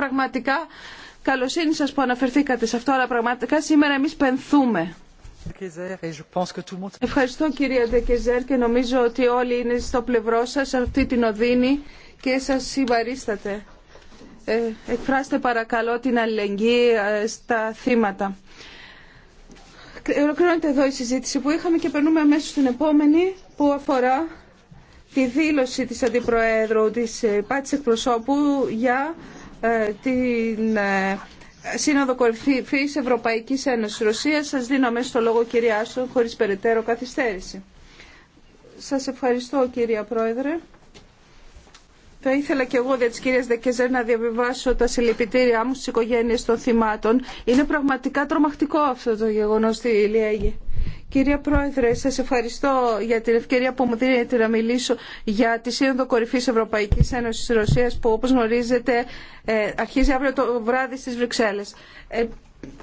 πραγματικά καλοσύνη σας που αναφερθήκατε σε αυτό, αλλά πραγματικά σήμερα εμείς πενθούμε. Ευχαριστώ κυρία Δεκεζέρ και νομίζω ότι όλοι είναι στο πλευρό σας αυτή την οδύνη και σας συμπαρίστατε. εκφράστε παρακαλώ την αλληλεγγύη ε, στα θύματα. Ολοκληρώνεται εδώ η συζήτηση που είχαμε και περνούμε αμέσως στην επόμενη που αφορά τη δήλωση της Αντιπροέδρου της ε, Πάτης Εκπροσώπου για ε, την ε, Σύνοδο Κορυφής Ευρωπαϊκής Ένωσης Ρωσίας. Σας δίνω αμέσως το λόγο κυρία Άστον χωρίς περαιτέρω καθυστέρηση. Σας ευχαριστώ κυρία Πρόεδρε. Θα ήθελα και εγώ δια της κυρίας Δεκεζέρ να διαβιβάσω τα συλληπιτήριά μου στις οικογένειες των θυμάτων. Είναι πραγματικά τρομακτικό αυτό το γεγονός στη Λιέγη. Κύριε Πρόεδρε, σα ευχαριστώ για την ευκαιρία που μου δίνετε να μιλήσω για τη Σύνοδο Κορυφής Ευρωπαϊκής Ένωση Ρωσία, που όπω γνωρίζετε ε, αρχίζει αύριο το βράδυ στις Βρυξέλλες. Ε,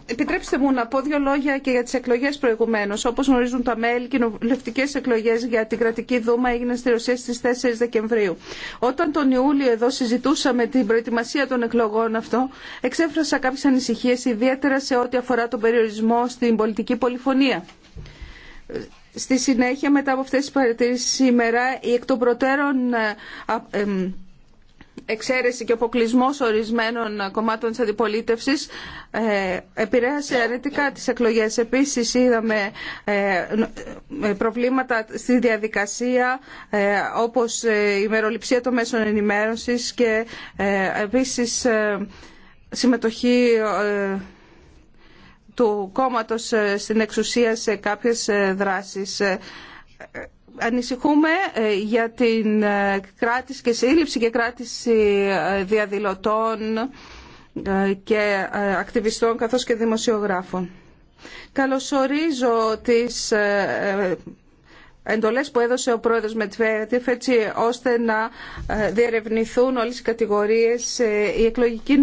επιτρέψτε μου να πω δύο λόγια και για τι εκλογέ προηγουμένω, όπω γνωρίζουν τα μέλη, κοινοβουλευτικέ εκλογέ για την κρατική δούμα έγιναν στη Ρωσία στι 4 Δεκεμβρίου. Όταν τον Ιούλιο εδώ συζητούσαμε την προετοιμασία των εκλογών αυτό, εξέφρασα κάποιε ανησυχίε ιδιαίτερα σε ό,τι αφορά τον περιορισμό στην πολιτική πολυφωνία. Στη συνέχεια, μετά από αυτές τις παρατηρήσεις σήμερα, η εκ των προτέρων ε, εξαίρεση και αποκλεισμό ορισμένων κομμάτων της αντιπολίτευσης ε, επηρέασε αρνητικά τις εκλογές. Επίσης είδαμε ε, προβλήματα στη διαδικασία όπως η μεροληψία των μέσων ενημέρωσης και επίσης συμμετοχή του κόμματος ε, στην εξουσία σε κάποιες ε, δράσεις. Ε, ανησυχούμε για την κράτηση και σύλληψη και κράτηση διαδηλωτών και ακτιβιστών καθώς και δημοσιογράφων. Καλωσορίζω τις εντολές που έδωσε ο πρόεδρος Μετβέτεφ έτσι ώστε να ε, διερευνηθούν όλες οι κατηγορίες. Ε, η εκλογική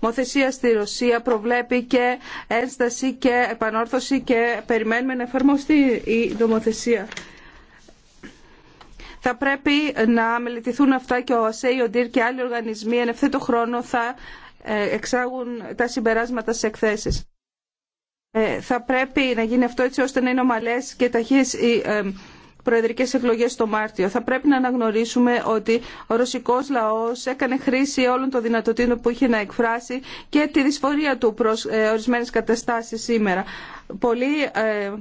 νομοθεσία στη Ρωσία προβλέπει και ένσταση και επανόρθωση και περιμένουμε να εφαρμοστεί η νομοθεσία. Θα πρέπει να μελετηθούν αυτά και ο ΑΣΕΙ, και άλλοι οργανισμοί εν ευθέτω χρόνο θα ε, εξάγουν τα συμπεράσματα σε εκθέσεις. Θα πρέπει να γίνει αυτό έτσι ώστε να είναι ομαλές και ταχύες Προεδρικέ εκλογέ το Μάρτιο. Θα πρέπει να αναγνωρίσουμε ότι ο ρωσικός λαός έκανε χρήση όλων των δυνατοτήτων που είχε να εκφράσει και τη δυσφορία του προς ε, ορισμένε καταστάσει σήμερα. Πολλοί ε,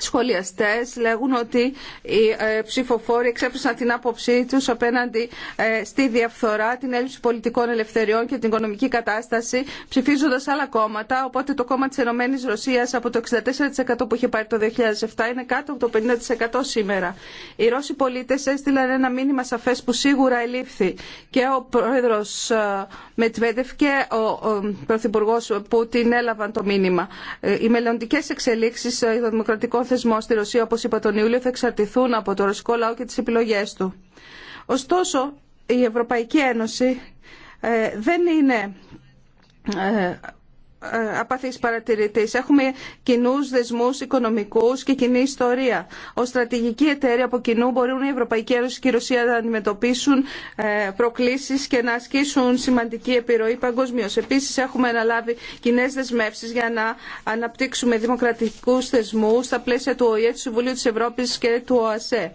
σχολιαστές λέγουν ότι οι ε, ψηφοφόροι εξέφρασαν την άποψή τους απέναντι ε, στη διαφθορά, την έλλειψη πολιτικών ελευθεριών και την οικονομική κατάσταση ψηφίζοντας άλλα κόμματα. Οπότε το κόμμα της Ενωμένης Ρωσίας από το 64% που είχε πάρει το 2007 είναι κάτω από το 50% σήμερα. Οι Ρώσοι πολίτες έστειλαν ένα μήνυμα σαφές που σίγουρα ελήφθη και ο πρόεδρος ε, Μετβέντεφ και ο πρωθυπουργός Πούτιν έλαβαν το μήνυμα. Οι των δημοκρατικών θεσμό στη Ρωσία, όπω είπα τον Ιούλιο, θα εξαρτηθούν από το ρωσικό λαό και τι επιλογέ του. Ωστόσο, η Ευρωπαϊκή Ένωση ε, δεν είναι ε, απαθείς παρατηρητής. Έχουμε κοινούς δεσμούς οικονομικούς και κοινή ιστορία. Ως στρατηγική εταίρεια από κοινού μπορούν η Ευρωπαϊκή Ένωση και η Ρωσία να αντιμετωπίσουν ε, προκλήσεις και να ασκήσουν σημαντική επιρροή παγκοσμίω. Επίσης έχουμε αναλάβει κοινέ δεσμεύσει για να αναπτύξουμε δημοκρατικούς θεσμούς στα πλαίσια του ΟΗΕ, του Συμβουλίου της Ευρώπης και του ΟΑΣΕ.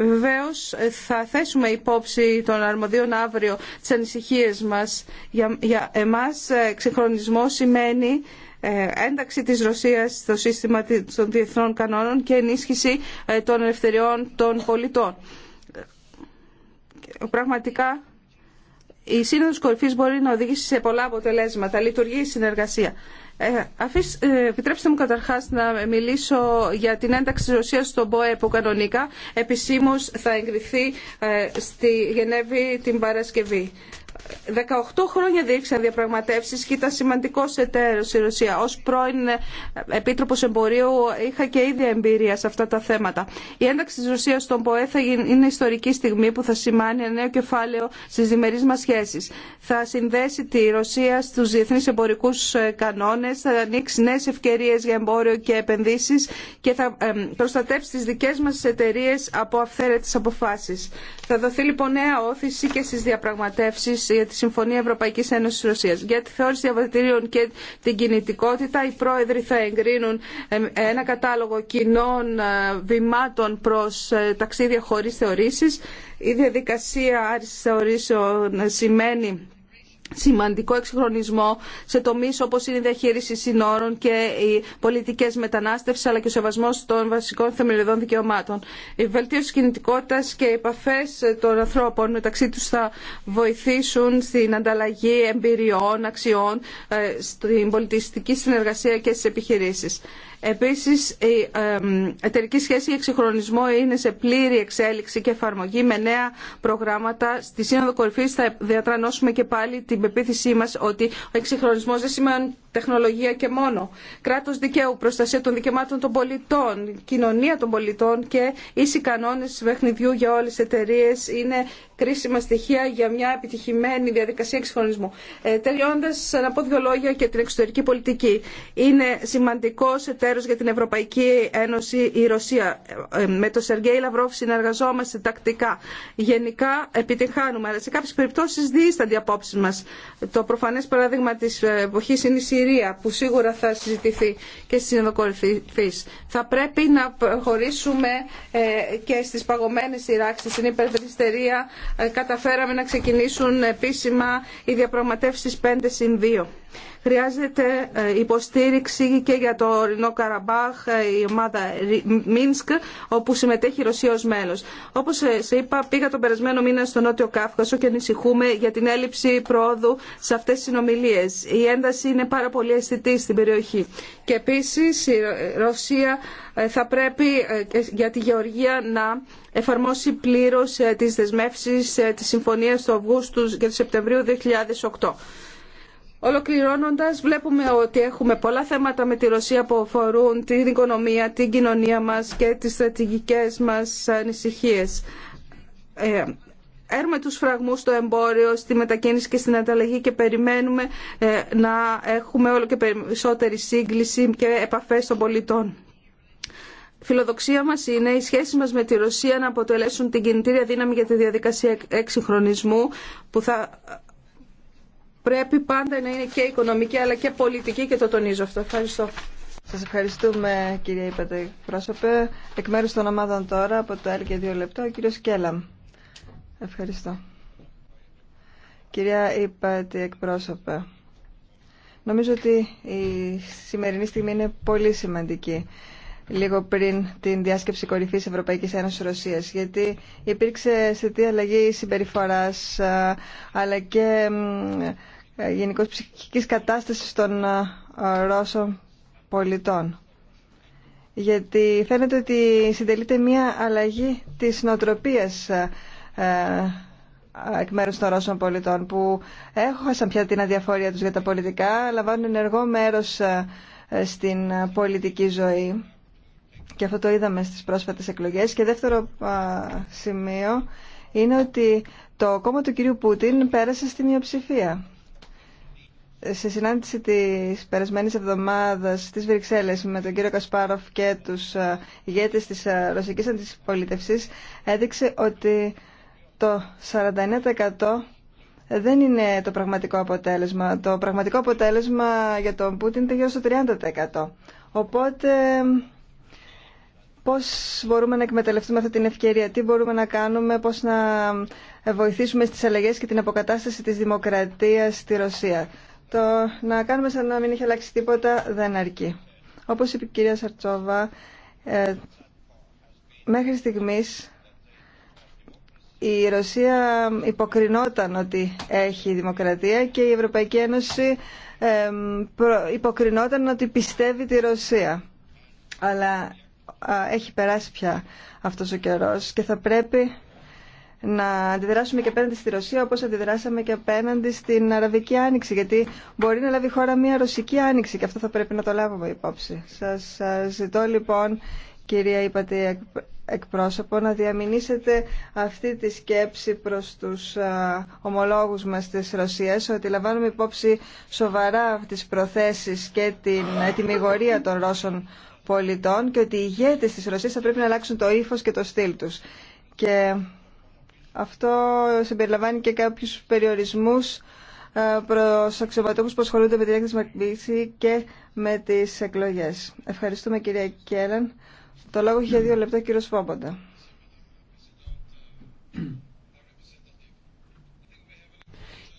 Βεβαίω, ε, θα θέσουμε υπόψη των αρμοδίων αύριο τι ανησυχίε μας. Για, για εμάς ε, ξεχρονισμό σημαίνει ε, ένταξη της Ρωσίας στο σύστημα των διεθνών κανόνων και ενίσχυση των ελευθεριών των πολιτών. Πραγματικά η σύνοδος Κορυφή μπορεί να οδηγήσει σε πολλά αποτελέσματα, λειτουργεί η συνεργασία. Ε, ε, επιτρέψτε μου καταρχάς να μιλήσω για την ένταξη της Ρωσίας στον ΠΟΕ που κανονικά επισήμω θα εγκριθεί ε, στη Γενέβη την Παρασκευή. 18 χρόνια διήρξαν διαπραγματεύσεις και ήταν σημαντικός εταίρος η Ρωσία. Ως πρώην Επίτροπος Εμπορίου είχα και ίδια εμπειρία σε αυτά τα θέματα. Η ένταξη της Ρωσίας στον ΠΟΕ θα είναι ιστορική στιγμή που θα σημάνει ένα νέο κεφάλαιο στις διμερείς μας σχέσεις. Θα συνδέσει τη Ρωσία στους διεθνείς εμπορικούς ε, κανόνες, θα ανοίξει νέες ευκαιρίες για εμπόριο και επενδύσεις και θα προστατεύσει τις δικές μας εταιρείε από αυθαίρετες αποφάσεις. Θα δοθεί λοιπόν νέα όθηση και στις διαπραγματεύσεις για τη Συμφωνία Ευρωπαϊκής Ένωση Ρωσία. Για τη θεώρηση διαβατηρίων και την κινητικότητα, οι πρόεδροι θα εγκρίνουν ένα κατάλογο κοινών ε, βημάτων προς ε, ταξίδια χωρίς θεωρήσει. Η διαδικασία άρση θεωρήσεων σημαίνει σημαντικό εξυγχρονισμό σε τομεί όπω είναι η διαχείριση συνόρων και οι πολιτικέ μετανάστευση αλλά και ο σεβασμό των βασικών θεμελιωδών δικαιωμάτων. Η βελτίωση κινητικότητα και οι επαφέ των ανθρώπων μεταξύ του θα βοηθήσουν στην ανταλλαγή εμπειριών, αξιών, ε, στην πολιτιστική συνεργασία και στι επιχειρήσει. Επίσης, η εταιρική σχέση για εξυγχρονισμό είναι σε πλήρη εξέλιξη και εφαρμογή με νέα προγράμματα. Στη Σύνοδο Κορυφής θα διατρανώσουμε και πάλι την πεποίθησή μας ότι ο εξυγχρονισμός δεν σημαίνει τεχνολογία και μόνο. Κράτος δικαίου, προστασία των δικαιωμάτων των πολιτών, κοινωνία των πολιτών και ίση κανόνες βεχνιδιού για όλες τις εταιρείε είναι κρίσιμα στοιχεία για μια επιτυχημένη διαδικασία εξυγχρονισμού. Ε, Τελειώντα, να πω δύο λόγια για την εξωτερική πολιτική. Είναι σημαντικό εταίρο για την Ευρωπαϊκή Ένωση η Ρωσία. Ε, με τον Σεργέη Λαυρόφ συνεργαζόμαστε τακτικά. Γενικά επιτυχάνουμε, αλλά σε κάποιε περιπτώσει δίστανται οι απόψει μα. Το προφανέ παράδειγμα τη εποχή είναι η που σίγουρα θα συζητηθεί και στις συνοδοκορυφής. Θα πρέπει να προχωρήσουμε ε, και στις παγωμένες σειράξεις στην υπερδριστερία. Ε, καταφέραμε να ξεκινήσουν επίσημα οι διαπραγματεύσεις 5 συν 2. Χρειάζεται ε, υποστήριξη και για το Ρινό Καραμπάχ, ε, η ομάδα Μίνσκ, όπου συμμετέχει η Ρωσία ως μέλος. Όπως ε, σε είπα, πήγα τον περασμένο μήνα στο Νότιο Κάφκασο και ανησυχούμε για την έλλειψη προόδου σε αυτές τις συνομιλίες. Η ένταση είναι πάρα πολύ αισθητή στην περιοχή. Και επίσης η Ρωσία θα πρέπει για τη Γεωργία να εφαρμόσει πλήρως τις δεσμεύσεις της Συμφωνίας του Αυγούστου και του Σεπτεμβρίου 2008. Ολοκληρώνοντα, βλέπουμε ότι έχουμε πολλά θέματα με τη Ρωσία που αφορούν την οικονομία, την κοινωνία μας και τις στρατηγικές μας ανησυχίε. Ε, έρουμε τους φραγμούς στο εμπόριο, στη μετακίνηση και στην ανταλλαγή και περιμένουμε ε, να έχουμε όλο και περισσότερη σύγκληση και επαφές των πολιτών. Φιλοδοξία μας είναι οι σχέσεις μας με τη Ρωσία να αποτελέσουν την κινητήρια δύναμη για τη διαδικασία εξυγχρονισμού που θα πρέπει πάντα να είναι και οικονομική αλλά και πολιτική και το τονίζω αυτό. Ευχαριστώ. Σας ευχαριστούμε κύριε Υπέτε πρόσωπε. Εκ μέρου των ομάδων τώρα από το και δύο λεπτό. ο κύριο Κέλαμ. Ευχαριστώ. Κυρία Υπέτη εκπρόσωπε, νομίζω ότι η σημερινή στιγμή είναι πολύ σημαντική λίγο πριν την διάσκεψη κορυφής Ευρωπαϊκής Ένωσης Ρωσίας γιατί υπήρξε τι αλλαγή συμπεριφοράς αλλά και ε, γενικώ ψυχικής κατάστασης των Ρώσων πολιτών. Γιατί φαίνεται ότι συντελείται μια αλλαγή της νοοτροπίας ε, εκ μέρου των Ρώσων πολιτών που έχασαν πια την αδιαφορία τους για τα πολιτικά, λαμβάνουν ενεργό μέρος στην πολιτική ζωή και αυτό το είδαμε στις πρόσφατες εκλογές. Και δεύτερο σημείο είναι ότι το κόμμα του κυρίου Πούτιν πέρασε στη μειοψηφία. Σε συνάντηση της περασμένης εβδομάδας στις Βρυξέλλες με τον κύριο Κασπάροφ και τους ηγέτες της ρωσικής αντιπολίτευσης έδειξε ότι το 49% δεν είναι το πραγματικό αποτέλεσμα. Το πραγματικό αποτέλεσμα για τον Πούτιν είναι γύρω στο 30%. Οπότε πώς μπορούμε να εκμεταλλευτούμε αυτή την ευκαιρία, τι μπορούμε να κάνουμε, πώς να βοηθήσουμε στις αλλαγές και την αποκατάσταση της δημοκρατίας στη Ρωσία. Το να κάνουμε σαν να μην έχει αλλάξει τίποτα δεν αρκεί. Όπως είπε η κυρία Σαρτσόβα, ε, μέχρι στιγμής η Ρωσία υποκρινόταν ότι έχει δημοκρατία και η Ευρωπαϊκή Ένωση ε, υποκρινόταν ότι πιστεύει τη Ρωσία. Αλλά έχει περάσει πια αυτός ο καιρός και θα πρέπει να αντιδράσουμε και απέναντι στη Ρωσία όπως αντιδράσαμε και απέναντι στην Αραβική Άνοιξη γιατί μπορεί να λάβει χώρα μια Ρωσική Άνοιξη και αυτό θα πρέπει να το λάβουμε υπόψη. Σας ζητώ λοιπόν κυρία Υπατή εκπρόσωπο να διαμηνήσετε αυτή τη σκέψη προς τους ομολόγους μας της Ρωσίας ότι λαμβάνουμε υπόψη σοβαρά τις προθέσεις και την ετοιμιγορία των Ρώσων πολιτών και ότι οι ηγέτες της Ρωσίας θα πρέπει να αλλάξουν το ύφος και το στυλ τους. Και αυτό συμπεριλαμβάνει και κάποιους περιορισμούς ε, προς αξιωματούχους που ασχολούνται με την έκθεση Μακμπίση και με τις εκλογές. Ευχαριστούμε κυρία Κέραν. Το λόγο έχει για δύο λεπτά ο κύριος Φόμποντα.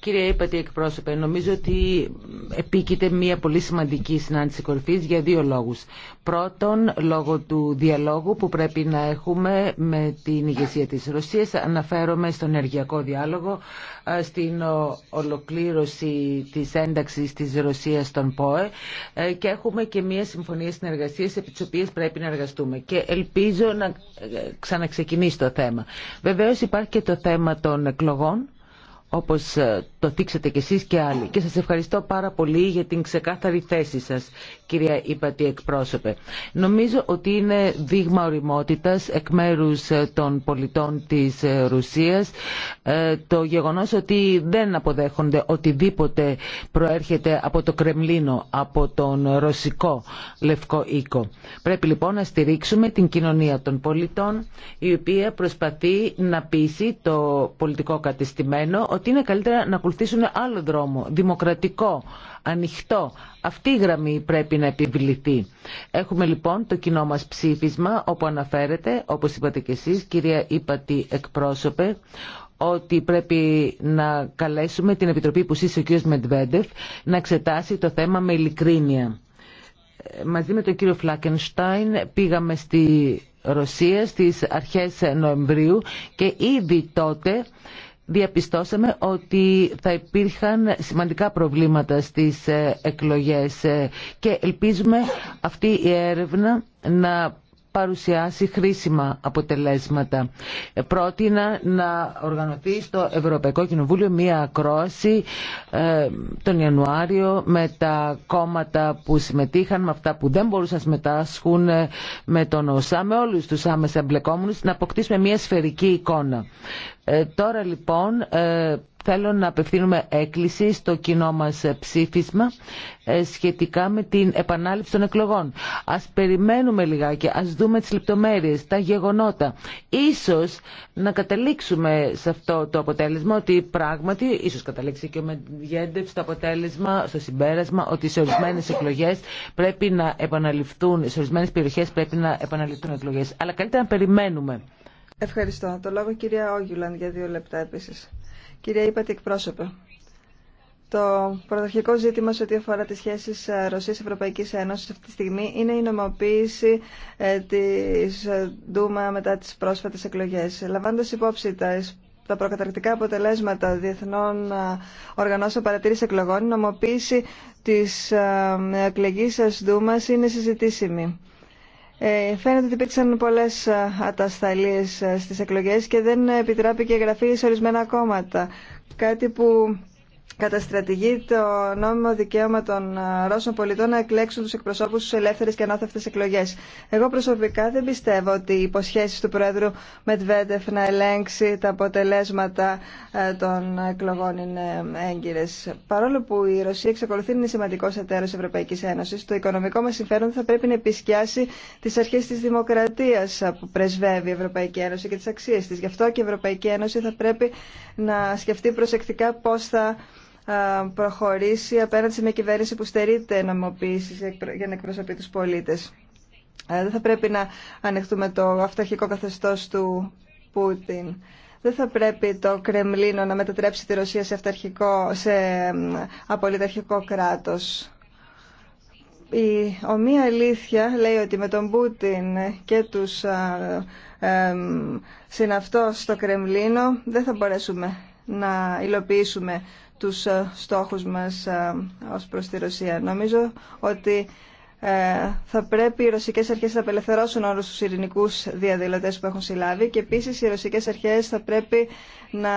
Κύριε Ήπατη εκπρόσωπε, νομίζω ότι επίκειται μια πολύ σημαντική συνάντηση κορυφής για δύο λόγους. Πρώτον, λόγω του διαλόγου που πρέπει να έχουμε με την ηγεσία της Ρωσίας. Αναφέρομαι στον ενεργειακό διάλογο, ε, στην ολοκλήρωση της ένταξης της Ρωσίας στον ΠΟΕ ε, και έχουμε και μια συμφωνία συνεργασίας επί της οποίας πρέπει να εργαστούμε. Και ελπίζω να ε, ξαναξεκινήσει το θέμα. Βεβαίως υπάρχει και το θέμα των εκλογών όπως ε, το θίξατε κι εσείς και άλλοι. Και σας ευχαριστώ πάρα πολύ για την ξεκάθαρη θέση σας, κυρία Υπατή Εκπρόσωπε. Νομίζω ότι είναι δείγμα οριμότητας εκ μέρους ε, των πολιτών της ε, Ρουσίας το γεγονός ότι δεν αποδέχονται οτιδήποτε προέρχεται από το Κρεμλίνο, από τον ρωσικό λευκό οίκο. Πρέπει λοιπόν να στηρίξουμε την κοινωνία των πολιτών, η οποία προσπαθεί να πείσει το πολιτικό κατεστημένο ότι είναι καλύτερα να ακολουθήσουν άλλο δρόμο, δημοκρατικό, ανοιχτό. Αυτή η γραμμή πρέπει να επιβληθεί. Έχουμε λοιπόν το κοινό μας ψήφισμα όπου αναφέρεται, όπως είπατε και εσείς, κυρία Ήπατη εκπρόσωπε, ότι πρέπει να καλέσουμε την Επιτροπή που είσαι ο κ. Μεντβέντεφ να εξετάσει το θέμα με ειλικρίνεια. Μαζί με τον κύριο Φλάκενστάιν πήγαμε στη Ρωσία στις αρχές Νοεμβρίου και ήδη τότε διαπιστώσαμε ότι θα υπήρχαν σημαντικά προβλήματα στις ε, εκλογές ε, και ελπίζουμε αυτή η έρευνα να παρουσιάσει χρήσιμα αποτελέσματα. Ε, πρότεινα να οργανωθεί στο Ευρωπαϊκό Κοινοβούλιο μία ακρόαση ε, τον Ιανουάριο με τα κόμματα που συμμετείχαν, με αυτά που δεν μπορούσαν να συμμετάσχουν ε, με τον ΟΣΑ, με όλους τους άμεσα εμπλεκόμενους, να αποκτήσουμε μία σφαιρική εικόνα. Τώρα λοιπόν θέλω να απευθύνουμε έκκληση στο κοινό μας ψήφισμα ε, σχετικά με την επανάληψη των εκλογών. Ας περιμένουμε λιγάκι, ας δούμε τις λεπτομέρειες, τα γεγονότα. Ίσως να καταλήξουμε σε αυτό το αποτέλεσμα ότι πράγματι, ίσως καταλήξει και ο Μεντιέντεφ στο αποτέλεσμα, στο συμπέρασμα, ότι σε ορισμένες εκλογές πρέπει να επαναληφθούν, σε ορισμένες περιοχές πρέπει να επαναληφθούν εκλογές. Αλλά καλύτερα να περιμένουμε. Ευχαριστώ. Το λόγο κυρία Όγιουλαν για δύο λεπτά επίσης. Κυρία Ήπατη εκπρόσωπε, το πρωταρχικό ζήτημα σε ό,τι αφορά τις σχέσεις ε, Ρωσίας-Ευρωπαϊκής Ένωσης αυτή τη στιγμή είναι η νομοποίηση ε, της ε, Ντούμα μετά τις πρόσφατες εκλογές. Λαμβάνοντας υπόψη τα τα προκαταρκτικά αποτελέσματα διεθνών οργανώσεων παρατήρηση εκλογών, η νομοποίηση της εκλεγής σας Δούμας είναι συζητήσιμη. Ε, φαίνεται ότι υπήρξαν πολλές ε, ατασταλίες ε, στις εκλογές και δεν επιτράπηκε εγγραφή σε ορισμένα κόμματα. Κάτι που καταστρατηγεί το νόμιμο δικαίωμα των ε, Ρώσων πολιτών να εκλέξουν τους εκπροσώπους στους ελεύθερες και ανώθευτες εκλογές. Εγώ προσωπικά δεν πιστεύω ότι οι υποσχέσεις του Πρόεδρου Μετβέντεφ να ελέγξει τα αποτελέσματα ε, των εκλογών είναι ε, έγκυρες. Παρόλο που η Ρωσία εξακολουθεί να είναι σημαντικός εταίρος Ευρωπαϊκής Ένωσης, το οικονομικό μας συμφέρον θα πρέπει να επισκιάσει τις αρχές της δημοκρατίας που πρεσβεύει η Ευρωπαϊκή Ένωση και τις αξίες της. Γι' αυτό και η Ευρωπαϊκή Ένωση θα πρέπει να σκεφτεί προσεκτικά πώς θα προχωρήσει απέναντι σε μια κυβέρνηση που στερείται νομοποίηση για να εκπροσωπεί τους πολίτες. Ε, δεν θα πρέπει να ανεχτούμε το αυταρχικό καθεστώς του Πούτιν. Δεν θα πρέπει το Κρεμλίνο να μετατρέψει τη Ρωσία σε, σε απολυταρχικό κράτος. Η ομοία αλήθεια λέει ότι με τον Πούτιν και τους ε, στο Κρεμλίνο δεν θα μπορέσουμε να υλοποιήσουμε τους ε, στόχους μας ε, ως προς τη Ρωσία. Νομίζω ότι ε, θα πρέπει οι ρωσικές αρχές να απελευθερώσουν όλους τους ειρηνικούς διαδηλωτές που έχουν συλλάβει και επίσης οι ρωσικές αρχές θα πρέπει να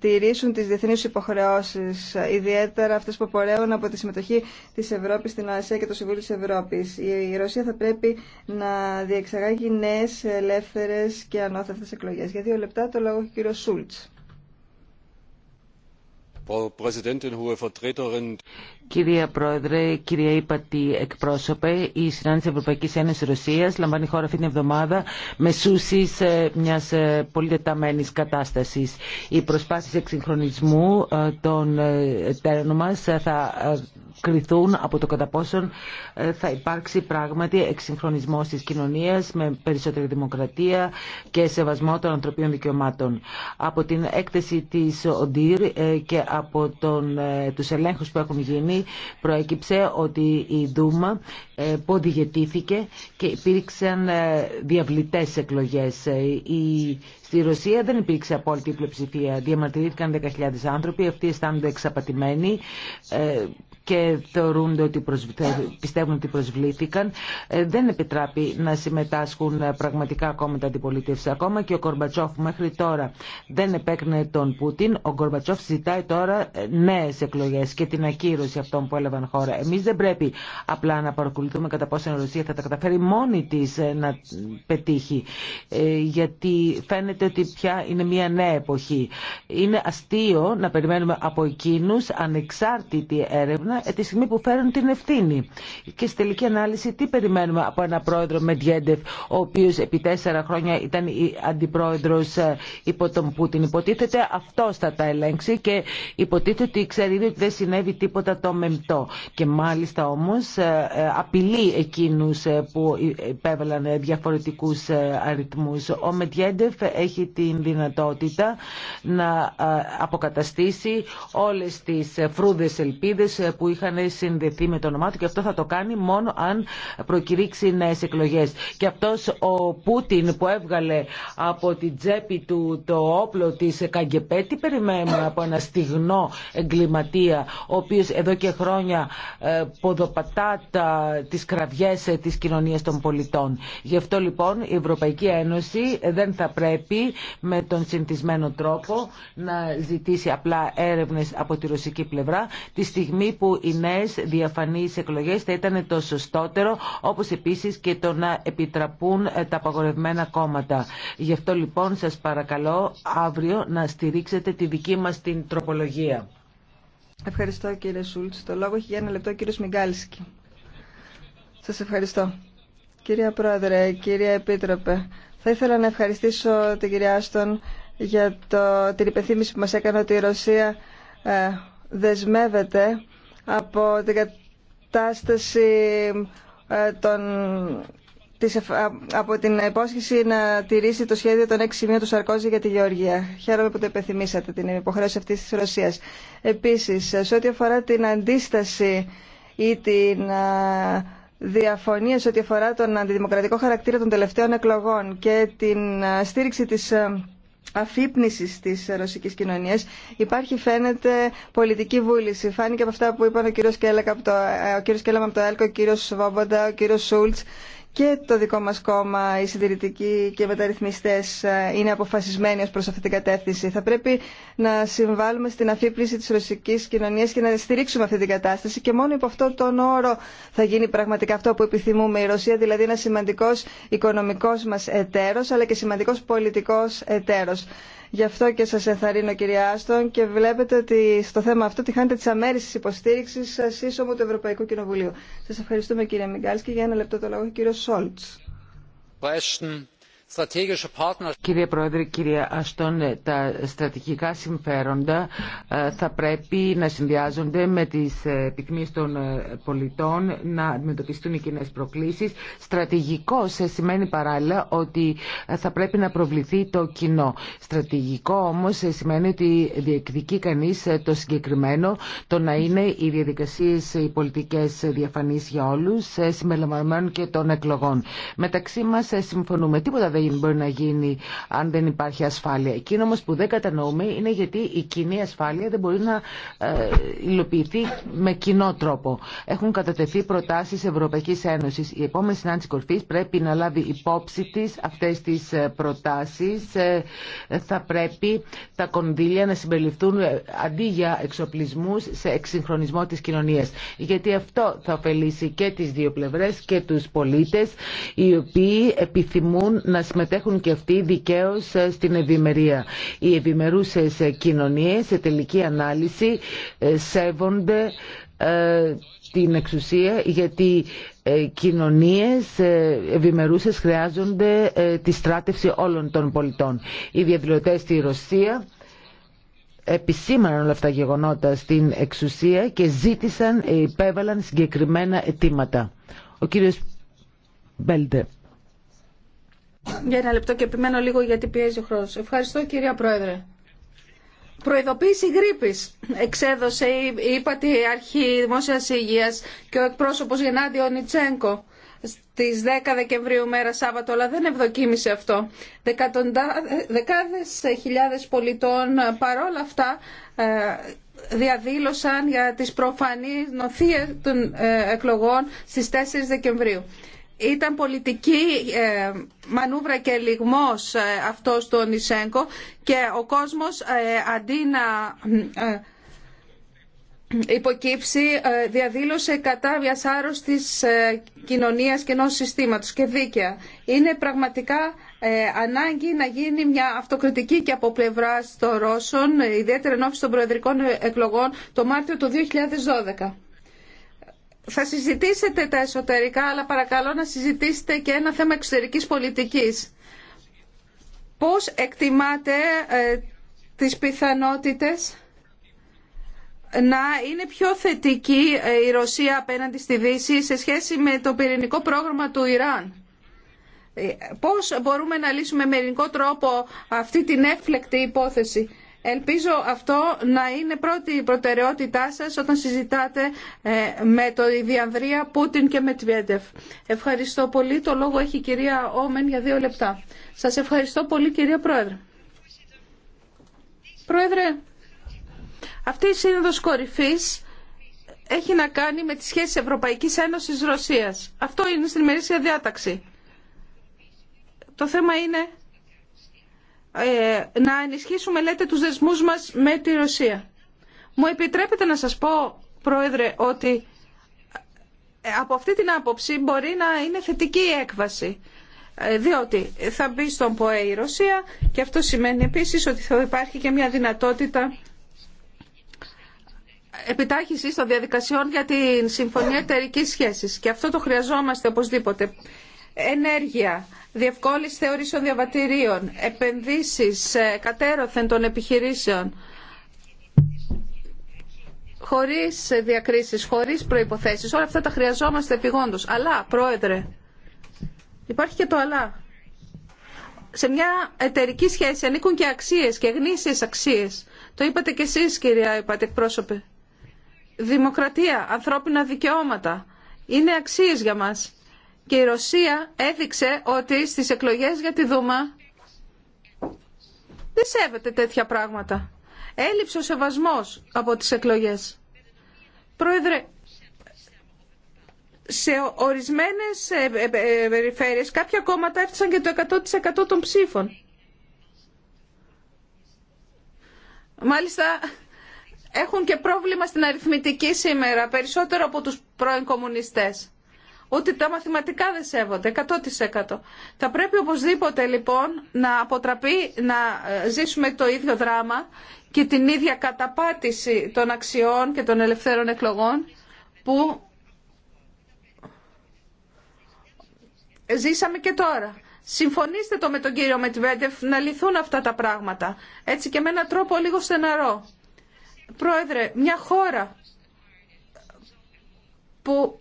τηρήσουν τις διεθνείς υποχρεώσεις, ιδιαίτερα αυτές που απορρέουν από τη συμμετοχή της Ευρώπης στην ΟΑΣΕ και το Συμβούλιο της Ευρώπης. Η Ρωσία θα πρέπει να διεξαγάγει νέες ελεύθερες και ανώθευτες εκλογές. Για δύο λεπτά το λόγο ο κύριος Σούλτς. Κυρία Πρόεδρε, κυρία Ήπατη εκπρόσωπε, η συνάντηση Ευρωπαϊκή Ένωση Ρωσία λαμβάνει χώρα αυτήν την εβδομάδα με σούση ε, μια ε, πολύ τεταμένη κατάσταση. Οι προσπάσει εξυγχρονισμού ε, των τέρνων μα θα κριθούν από το κατά πόσον ε, θα υπάρξει πράγματι εξυγχρονισμός τη κοινωνία με περισσότερη δημοκρατία και σεβασμό των ανθρωπίνων δικαιωμάτων. Από την έκθεση της ΟΝΤΙΡ ε, και από τον, ε, τους ελέγχους που έχουν γίνει προέκυψε ότι η Δούμα ποδηγετήθηκε και υπήρξαν διαβλητέ εκλογές. Η Στη Ρωσία δεν υπήρξε απόλυτη πλειοψηφία. Διαμαρτυρήθηκαν 10.000 άνθρωποι, αυτοί αισθάνονται εξαπατημένοι και θεωρούν ότι πιστεύουν ότι προσβλήθηκαν, ε, δεν επιτράπει να συμμετάσχουν πραγματικά ακόμα τα αντιπολίτευση. Ακόμα και ο Κορμπατσόφ μέχρι τώρα δεν επέκρινε τον Πούτιν. Ο Κορμπατσόφ ζητάει τώρα ε, νέε εκλογέ και την ακύρωση αυτών που έλαβαν χώρα. Εμεί δεν πρέπει απλά να παρακολουθούμε κατά πόσο η Ρωσία θα τα καταφέρει μόνη τη ε, να πετύχει. Γιατί φαίνεται ότι πια είναι μια νέα εποχή. Είναι αστείο να περιμένουμε από εκείνου ανεξάρτητη έρευνα ε, τη στιγμή που φέρουν την ευθύνη. Και στη τελική ανάλυση τι περιμένουμε από ένα πρόεδρο Μεντιέντεφ, ο οποίος επί τέσσερα χρόνια ήταν αντιπρόεδρο αντιπρόεδρος ε, υπό τον Πούτιν. Υποτίθεται αυτό θα τα ελέγξει και υποτίθεται ότι ξέρει ότι δεν συνέβη τίποτα το μεμτό. Και μάλιστα όμως ε, απειλεί εκείνου που υπέβαλαν διαφορετικού αριθμού. Ο Μεντιέντεφ έχει την δυνατότητα να αποκαταστήσει όλες τις φρούδες ελπίδε είχαν συνδεθεί με το όνομά του και αυτό θα το κάνει μόνο αν προκηρύξει νέε εκλογέ. Και αυτό ο Πούτιν που έβγαλε από την τσέπη του το όπλο τη Καγκεπέ, τι περιμένουμε από ένα στιγνό εγκληματία, ο οποίο εδώ και χρόνια ε, ποδοπατά τι κραυγέ ε, τη κοινωνία των πολιτών. Γι' αυτό λοιπόν η Ευρωπαϊκή Ένωση δεν θα πρέπει με τον συνηθισμένο τρόπο να ζητήσει απλά έρευνες από τη ρωσική πλευρά τη στιγμή που οι νέε διαφανεί εκλογέ. θα ήταν το σωστότερο, όπω επίση και το να επιτραπούν ε, τα απαγορευμένα κόμματα. Γι' αυτό λοιπόν σα παρακαλώ αύριο να στηρίξετε τη δική μα την τροπολογία. Ευχαριστώ κύριε Σούλτς. Το λόγο έχει για ένα λεπτό ο Μιγκάλσκι. Σας ευχαριστώ. Κυρία Πρόεδρε, κύριε Επίτροπε, θα ήθελα να ευχαριστήσω την κυρία Άστον για το, την υπενθύμηση που μας έκανε ότι η Ρωσία ε, δεσμεύεται από την κατάσταση ε, των από την υπόσχεση να τηρήσει το σχέδιο των έξι σημείων του Σαρκόζη για τη Γεωργία. Χαίρομαι που το υπενθυμίσατε την υποχρέωση αυτή τη Ρωσία. Επίση, σε ό,τι αφορά την αντίσταση ή την διαφωνία σε ό,τι αφορά τον αντιδημοκρατικό χαρακτήρα των τελευταίων εκλογών και την στήριξη της Αφύπνιση τη ρωσική κοινωνία. Υπάρχει φαίνεται πολιτική βούληση. Φάνηκε από αυτά που είπαν ο κύριος Κέλαμα από το ε, ΕΛΚΟ, ο κύριος Σβόμποντα, ο κύριος Σούλτ και το δικό μας κόμμα, οι συντηρητικοί και οι μεταρρυθμιστές ε, είναι αποφασισμένοι ως προς αυτή την κατεύθυνση. Θα πρέπει να συμβάλλουμε στην αφύπνιση της ρωσικής κοινωνίας και να στηρίξουμε αυτή την κατάσταση και μόνο υπό αυτό τον όρο θα γίνει πραγματικά αυτό που επιθυμούμε η Ρωσία, δηλαδή ένα σημαντικός οικονομικός μας εταίρος αλλά και σημαντικός πολιτικός εταίρος. Γι' αυτό και σα ενθαρρύνω κυρία Άστον και βλέπετε ότι στο θέμα αυτό τη χάνετε τη υποστήριξη υποστήριξης σα σύσσωμο του Ευρωπαϊκού Κοινοβουλίου. Σα ευχαριστούμε κύριε Μιγκάλσκι για ένα λεπτό το λόγο κύριο Σόλτ. Κύριε Πρόεδρε, κύριε Αστόν, τα στρατηγικά συμφέροντα ε, θα πρέπει να συνδυάζονται με τις ε, επιθυμίε των ε, πολιτών να αντιμετωπιστούν οι κοινέ προκλήσεις. Στρατηγικό σημαίνει παράλληλα ότι θα πρέπει να προβληθεί το κοινό. Στρατηγικό όμως σημαίνει ότι διεκδικεί κανείς το συγκεκριμένο, το να είναι οι διαδικασίες, οι πολιτικές διαφανείς για όλους, συμπεριλαμβανομένων και των εκλογών. Μεταξύ μας συμφωνούμε. Τίποτα δεν δεν μπορεί να γίνει αν δεν υπάρχει ασφάλεια. Εκείνο όμω που δεν κατανοούμε είναι γιατί η κοινή ασφάλεια δεν μπορεί να ε, υλοποιηθεί με κοινό τρόπο. Έχουν κατατεθεί προτάσει Ευρωπαϊκή Ένωση. Η επόμενη συνάντηση κορφή πρέπει να λάβει υπόψη τη αυτέ τι ε, προτάσει. Ε, θα πρέπει τα κονδύλια να συμπεριληφθούν αντί για εξοπλισμού σε εξυγχρονισμό τη κοινωνία. Γιατί αυτό θα ωφελήσει και τι δύο πλευρέ και του πολίτε οι οποίοι επιθυμούν να συμμετέχουν και αυτοί δικαίω ε, στην ευημερία. Οι ευημερούσε ε, κοινωνίες σε τελική ανάλυση ε, σέβονται την εξουσία γιατί κοινωνίες ευημερούσες χρειάζονται τη στράτευση όλων των πολιτών. Οι διαδηλωτές στη Ρωσία επισήμαναν όλα αυτά τα γεγονότα στην εξουσία και ζήτησαν, υπέβαλαν συγκεκριμένα αιτήματα. Ο κύριος Μπέλτε. Για ένα λεπτό και επιμένω λίγο γιατί πιέζει ο χρόνος. Ευχαριστώ κυρία Πρόεδρε. Προειδοποίηση γρήπη εξέδωσε η ύπατη αρχή δημόσια υγεία και ο εκπρόσωπο Γεννάδη Νιτσέγκο στι 10 Δεκεμβρίου, μέρα Σάββατο, αλλά δεν ευδοκίμησε αυτό. Δεκάδε χιλιάδε πολιτών παρόλα αυτά ε, διαδήλωσαν για τις προφανείς νοθείες των ε, εκλογών στις 4 Δεκεμβρίου. Ήταν πολιτική ε, μανούβρα και λιγμός ε, αυτός του Νισέγκο και ο κόσμος ε, αντί να υποκύψει διαδήλωσε κατά της άρρωστης κοινωνίας και ενός συστήματος και δίκαια. Είναι πραγματικά ανάγκη να γίνει μια αυτοκριτική και από πλευρά των Ρώσων, ιδιαίτερα ενώπιση των προεδρικών εκλογών το Μάρτιο του 2012 θα συζητήσετε τα εσωτερικά, αλλά παρακαλώ να συζητήσετε και ένα θέμα εξωτερικής πολιτικής. Πώς εκτιμάτε ε, τις πιθανότητες να είναι πιο θετική ε, η Ρωσία απέναντι στη Δύση σε σχέση με το πυρηνικό πρόγραμμα του Ιράν. Ε, πώς μπορούμε να λύσουμε με ειρηνικό τρόπο αυτή την έφλεκτη υπόθεση. Ελπίζω αυτό να είναι πρώτη προτεραιότητά σας όταν συζητάτε ε, με το Ιδιανδρία Πούτιν και με Τβιέντεφ. Ευχαριστώ πολύ. Το λόγο έχει η κυρία Όμεν για δύο λεπτά. Σας ευχαριστώ πολύ κυρία Πρόεδρε. Πρόεδρε, αυτή η σύνοδος κορυφής έχει να κάνει με τις σχέσεις Ευρωπαϊκής Ένωσης Ρωσίας. Αυτό είναι στην ημερήσια διάταξη. Το θέμα είναι ε, να ενισχύσουμε, λέτε, τους δεσμούς μας με τη Ρωσία. Μου επιτρέπετε να σας πω, Πρόεδρε, ότι ε, από αυτή την άποψη μπορεί να είναι θετική η έκβαση. Ε, διότι θα μπει στον ΠΟΕ η Ρωσία και αυτό σημαίνει επίσης ότι θα υπάρχει και μια δυνατότητα επιτάχυσης των διαδικασιών για την Συμφωνία Εταιρικής Σχέσης. Και αυτό το χρειαζόμαστε οπωσδήποτε ενέργεια, διευκόλυνση θεωρήσεων διαβατηρίων, επενδύσεις ε, κατέρωθεν των επιχειρήσεων, χωρίς διακρίσεις, χωρίς προϋποθέσεις. Όλα αυτά τα χρειαζόμαστε επιγόντως. Αλλά, πρόεδρε, υπάρχει και το αλλά. Σε μια εταιρική σχέση ανήκουν και αξίες και γνήσιες αξίες. Το είπατε και εσείς, κυρία, είπατε εκπρόσωπε. Δημοκρατία, ανθρώπινα δικαιώματα. Είναι αξίες για μας και η Ρωσία έδειξε ότι στις εκλογές για τη Δούμα δεν σέβεται τέτοια πράγματα. Έλειψε ο σεβασμός από τις εκλογές. Πρόεδρε, σε ορισμένες ε, ε, ε, περιφέρειες κάποια κόμματα έφτασαν και το 100% των ψήφων. Μάλιστα, έχουν και πρόβλημα στην αριθμητική σήμερα, περισσότερο από τους πρώην Ούτε τα μαθηματικά δεν σέβονται, 100%. Θα πρέπει οπωσδήποτε λοιπόν να αποτραπεί να ε, ζήσουμε το ίδιο δράμα και την ίδια καταπάτηση των αξιών και των ελευθέρων εκλογών που ζήσαμε και τώρα. Συμφωνήστε το με τον κύριο Μετβέντεφ να λυθούν αυτά τα πράγματα. Έτσι και με έναν τρόπο λίγο στεναρό. Πρόεδρε, μια χώρα που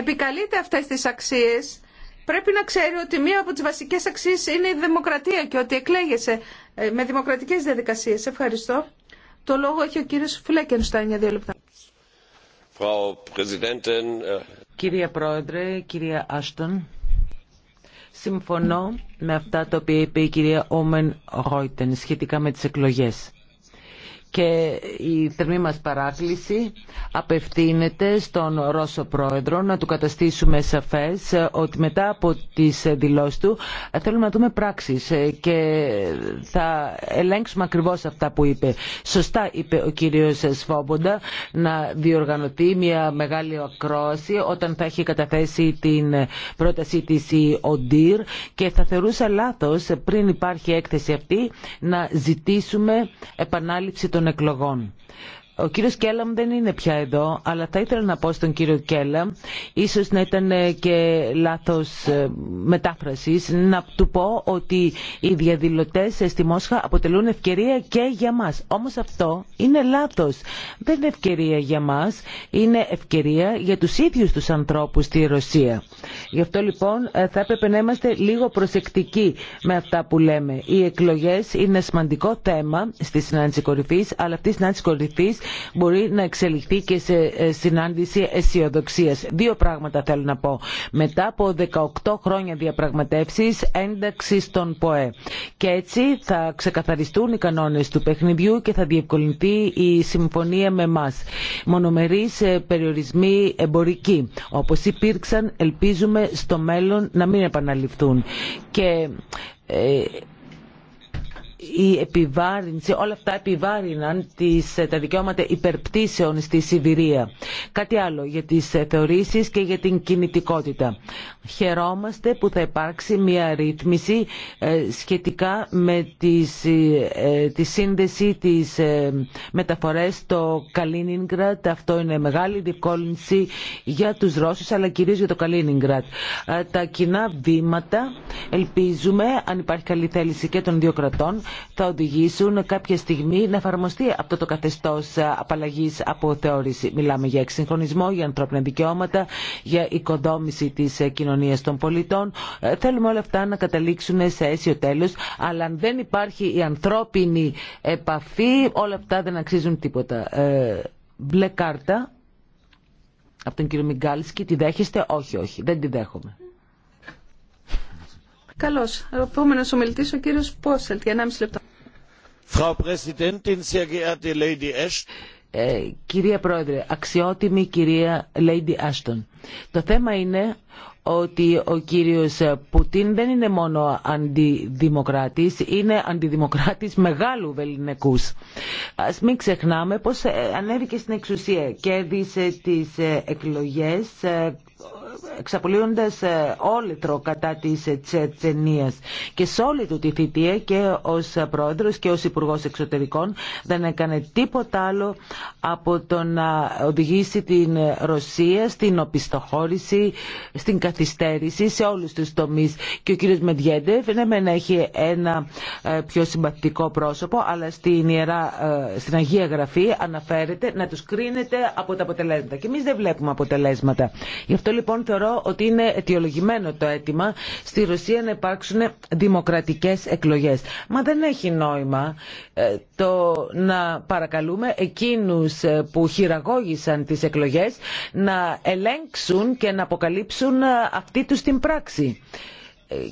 επικαλείται αυτές τις αξίες πρέπει να ξέρει ότι μία από τις βασικές αξίες είναι η δημοκρατία και ότι εκλέγεσαι ε, με δημοκρατικές διαδικασίες. Ευχαριστώ. Το λόγο έχει ο κύριος Φλέκενστάιν για δύο λεπτά. Ε, κυρία Πρόεδρε, κυρία Άστον, συμφωνώ με αυτά τα οποία είπε η κυρία Όμεν Ρόιτεν σχετικά με τις εκλογές και η θερμή μας παράκληση απευθύνεται στον Ρώσο Πρόεδρο να του καταστήσουμε σαφές ότι μετά από τις δηλώσεις του θέλουμε να δούμε πράξεις και θα ελέγξουμε ακριβώς αυτά που είπε. Σωστά είπε ο κύριος Σφόμποντα να διοργανωθεί μια μεγάλη ακρόαση όταν θα έχει καταθέσει την πρότασή της η ΟΝΤΙΡ και θα θεωρούσα λάθος πριν υπάρχει έκθεση αυτή να ζητήσουμε επανάληψη των εκλογών. Ο κύριος Κέλαμ δεν είναι πια εδώ, αλλά θα ήθελα να πω στον κύριο Κέλαμ, ίσως να ήταν ε, και λάθος ε, μετάφρασης, να του πω ότι οι διαδηλωτές στη Μόσχα αποτελούν ευκαιρία και για μας. Όμως αυτό είναι λάθος. Δεν είναι ευκαιρία για μας, είναι ευκαιρία για τους ίδιους τους ανθρώπους στη Ρωσία. Γι' αυτό λοιπόν ε, θα έπρεπε να είμαστε λίγο προσεκτικοί με αυτά που λέμε. Οι εκλογές είναι σημαντικό θέμα στη συνάντηση κορυφή, αλλά αυτή η συνάντηση κορυφής μπορεί να εξελιχθεί και σε ε, συνάντηση αισιοδοξία. Δύο πράγματα θέλω να πω. Μετά από 18 χρόνια διαπραγματεύσει ένταξη στον ΠΟΕ. Και έτσι θα ξεκαθαριστούν οι κανόνε του παιχνιδιού και θα διευκολυνθεί η συμφωνία με εμά. Μονομερεί ε, περιορισμοί εμπορικοί, όπως υπήρξαν, ελπίζουμε στο μέλλον να μην επαναληφθούν. Και ε, η επιβάρυνση, όλα αυτά επιβάρυναν τις, ε, τα δικαιώματα υπερπτήσεων στη Σιβηρία. Κάτι άλλο για τις ε, θεωρήσεις και για την κινητικότητα. Χαιρόμαστε που θα υπάρξει μια ρύθμιση ε, σχετικά με τις, τη σύνδεση της μεταφορές στο Καλίνιγκρατ. Αυτό είναι μεγάλη διευκόλυνση για τους Ρώσους αλλά κυρίως για το Καλίνιγκρατ. τα κοινά βήματα ελπίζουμε αν υπάρχει καλή θέληση και των δύο κρατών θα οδηγήσουν κάποια στιγμή να εφαρμοστεί αυτό το καθεστώ απαλλαγή από θεώρηση. Μιλάμε για εξυγχρονισμό, για ανθρώπινα δικαιώματα, για οικοδόμηση τη κοινωνία των πολιτών. Ε, θέλουμε όλα αυτά να καταλήξουν σε αίσιο τέλο, αλλά αν δεν υπάρχει η ανθρώπινη επαφή, όλα αυτά δεν αξίζουν τίποτα. Ε, μπλε κάρτα από τον κύριο Μιγκάλσκι, τη δέχεστε, όχι, όχι, δεν τη δέχομαι. Καλώς. Ο επόμενος ομιλητής ο κύριος Πόσελτ για 1,5 λεπτά. Frau Präsidentin, sehr geehrte Lady Ashton. Ε, κυρία Πρόεδρε, αξιότιμη κυρία Lady Ashton. Το θέμα είναι ότι ο κύριος Πουτίν δεν είναι μόνο αντιδημοκράτης, είναι αντιδημοκράτης μεγάλου βεληνικούς. Ας μην ξεχνάμε πως ανέβηκε στην εξουσία, κέρδισε τις εκλογές ε, εξαπολύοντας ε, όλητρο κατά της ε, Τσετσενίας. Και σε όλη του τη θητεία και ως ε, πρόεδρος και ως υπουργός εξωτερικών δεν έκανε τίποτα άλλο από το να οδηγήσει την Ρωσία στην οπισθοχώρηση, στην καθυστέρηση σε όλους τους τομείς. Και ο κύριος Μεντιέντεφ ναι να έχει ένα πιο συμπαθητικό πρόσωπο αλλά στην, Ιερά, στην Αγία Γραφή αναφέρεται να τους κρίνεται από τα αποτελέσματα. Και εμείς δεν βλέπουμε αποτελέσματα. Γι' αυτό λοιπόν θεωρώ ότι είναι αιτιολογημένο το αίτημα στη Ρωσία να υπάρξουν δημοκρατικές εκλογές. Μα δεν έχει νόημα ε, το να παρακαλούμε εκείνους ε, που χειραγώγησαν τις εκλογές να ελέγξουν και να αποκαλύψουν ε, αυτή τους την πράξη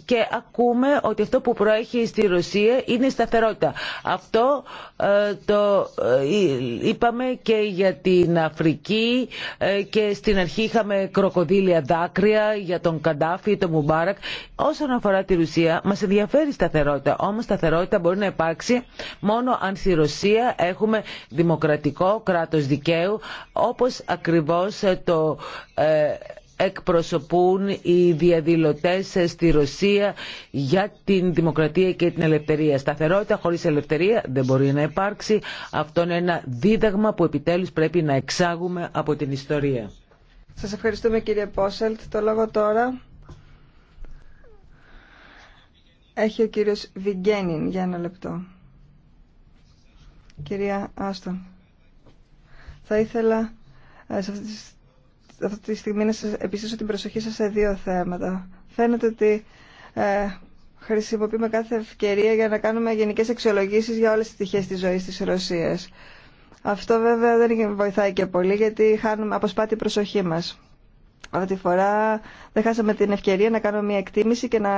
και ακούμε ότι αυτό που προέχει στη Ρωσία είναι σταθερότητα. Αυτό ε, το ε, είπαμε και για την Αφρική ε, και στην αρχή είχαμε κροκοδίλια δάκρυα για τον Καντάφη, τον Μουμπάρακ. Όσον αφορά τη Ρωσία μας ενδιαφέρει η σταθερότητα. Όμως σταθερότητα μπορεί να υπάρξει μόνο αν στη Ρωσία έχουμε δημοκρατικό κράτος δικαίου όπως ακριβώς το εκπροσωπούν οι διαδηλωτές στη Ρωσία για την δημοκρατία και την ελευθερία. Σταθερότητα χωρίς ελευθερία δεν μπορεί να υπάρξει. Αυτό είναι ένα δίδαγμα που επιτέλους πρέπει να εξάγουμε από την ιστορία. Σας ευχαριστούμε κύριε Πόσελτ. Το λόγο τώρα έχει ο κύριος Βιγγένιν για ένα λεπτό. Κυρία Άστον, θα ήθελα ε, σε αυτή αυτή τη στιγμή να σας επιστήσω την προσοχή σας σε δύο θέματα. Φαίνεται ότι ε, χρησιμοποιούμε κάθε ευκαιρία για να κάνουμε γενικές αξιολογήσεις για όλες τις τυχές της ζωής της Ρωσίας. Αυτό βέβαια δεν βοηθάει και πολύ γιατί χάνουμε αποσπάτη προσοχή μας. Αυτή τη φορά δεν χάσαμε την ευκαιρία να κάνουμε μια εκτίμηση και να